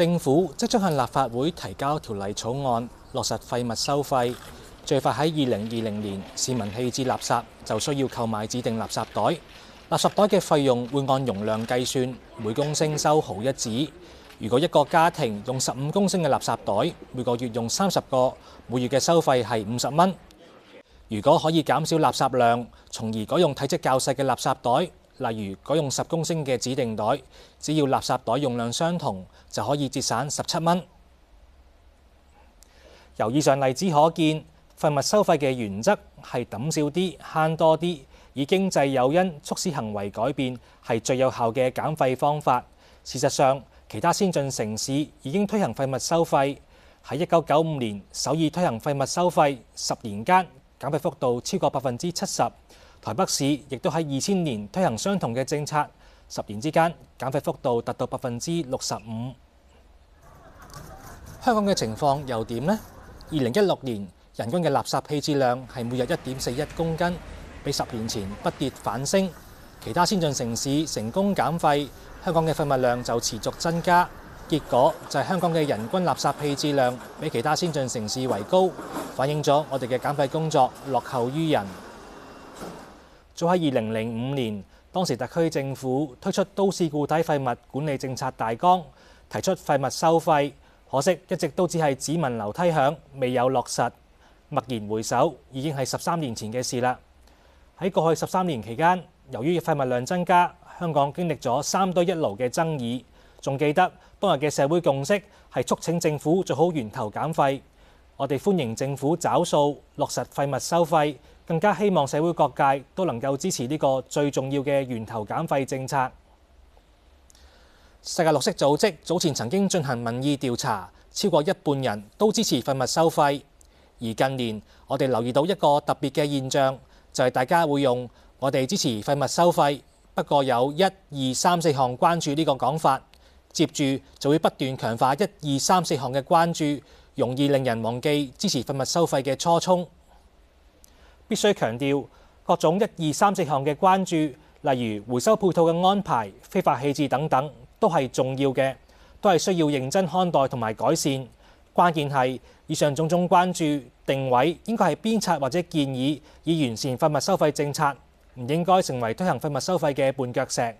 政府即將向立法會提交條例草案，落實廢物收費。最快喺二零二零年，市民棄置垃圾就需要購買指定垃圾袋。垃圾袋嘅費用會按容量計算，每公升收毫一紙。如果一個家庭用十五公升嘅垃圾袋，每個月用三十個，每月嘅收費係五十蚊。如果可以減少垃圾量，從而改用體積較細嘅垃圾袋。例如改用十公升嘅指定袋，只要垃圾袋用量相同，就可以節省十七蚊。由以上例子可見，廢物收費嘅原則係抌少啲、慳多啲，以經濟誘因促使行為改變係最有效嘅減廢方法。事實上，其他先進城市已經推行廢物收費。喺一九九五年，首爾推行廢物收費，十年間減廢幅度超過百分之七十。台北市亦都喺二千年推行相同嘅政策，十年之間減廢幅度達到百分之六十五。香港嘅情況又點呢？二零一六年人均嘅垃圾棄置量係每日一點四一公斤，比十年前不跌反升。其他先進城市成功減廢，香港嘅廢物量就持續增加，結果就係香港嘅人均垃圾棄置量比其他先進城市為高，反映咗我哋嘅減廢工作落後於人。早喺二零零五年，當時特區政府推出都市固體廢物管理政策大綱，提出廢物收費，可惜一直都只係聞樓梯響，未有落實。默然回首，已經係十三年前嘅事啦。喺過去十三年期間，由於廢物量增加，香港經歷咗三堆一爐嘅爭議，仲記得當日嘅社會共識係促請政府做好源頭減廢。我哋歡迎政府找數落實廢物收費。更加希望社會各界都能夠支持呢個最重要嘅源頭減費政策。世界綠色組織早前曾經進行民意調查，超過一半人都支持廢物收費。而近年我哋留意到一個特別嘅現象，就係大家會用我哋支持廢物收費，不過有一二三四項關注呢個講法，接住就會不斷強化一二三四項嘅關注，容易令人忘記支持廢物收費嘅初衷。必須強調各種一二三四項嘅關注，例如回收配套嘅安排、非法棄置等等，都係重要嘅，都係需要認真看待同埋改善。關鍵係以上種種關注定位，應該係鞭策或者建議，以完善廢物收費政策，唔應該成為推行廢物收費嘅絆腳石。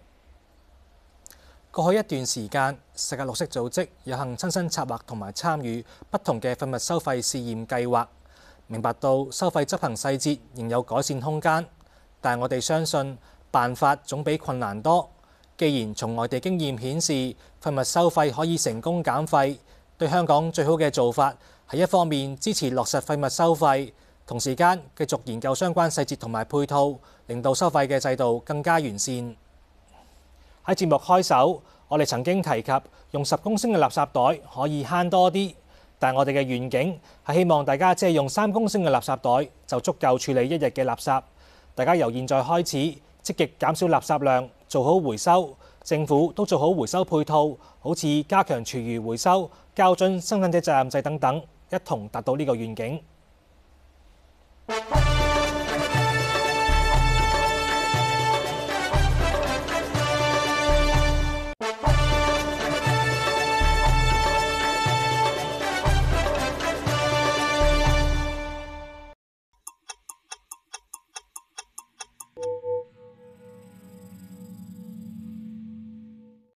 過去一段時間，世界綠色組織有幸親身策劃同埋參與不同嘅廢物收費試驗計劃。明白到收費執行細節仍有改善空間，但我哋相信辦法總比困難多。既然從外地經驗顯示廢物收費可以成功減廢，對香港最好嘅做法係一方面支持落實廢物收費，同時間繼續研究相關細節同埋配套，令到收費嘅制度更加完善。喺節目開首，我哋曾經提及用十公升嘅垃圾袋可以慳多啲。但我哋嘅願景係希望大家只係用三公升嘅垃圾袋就足夠處理一日嘅垃圾。大家由現在開始積極減少垃圾量，做好回收，政府都做好回收配套，好似加強廚餘回收、膠樽生產者責任制等等，一同達到呢個願景。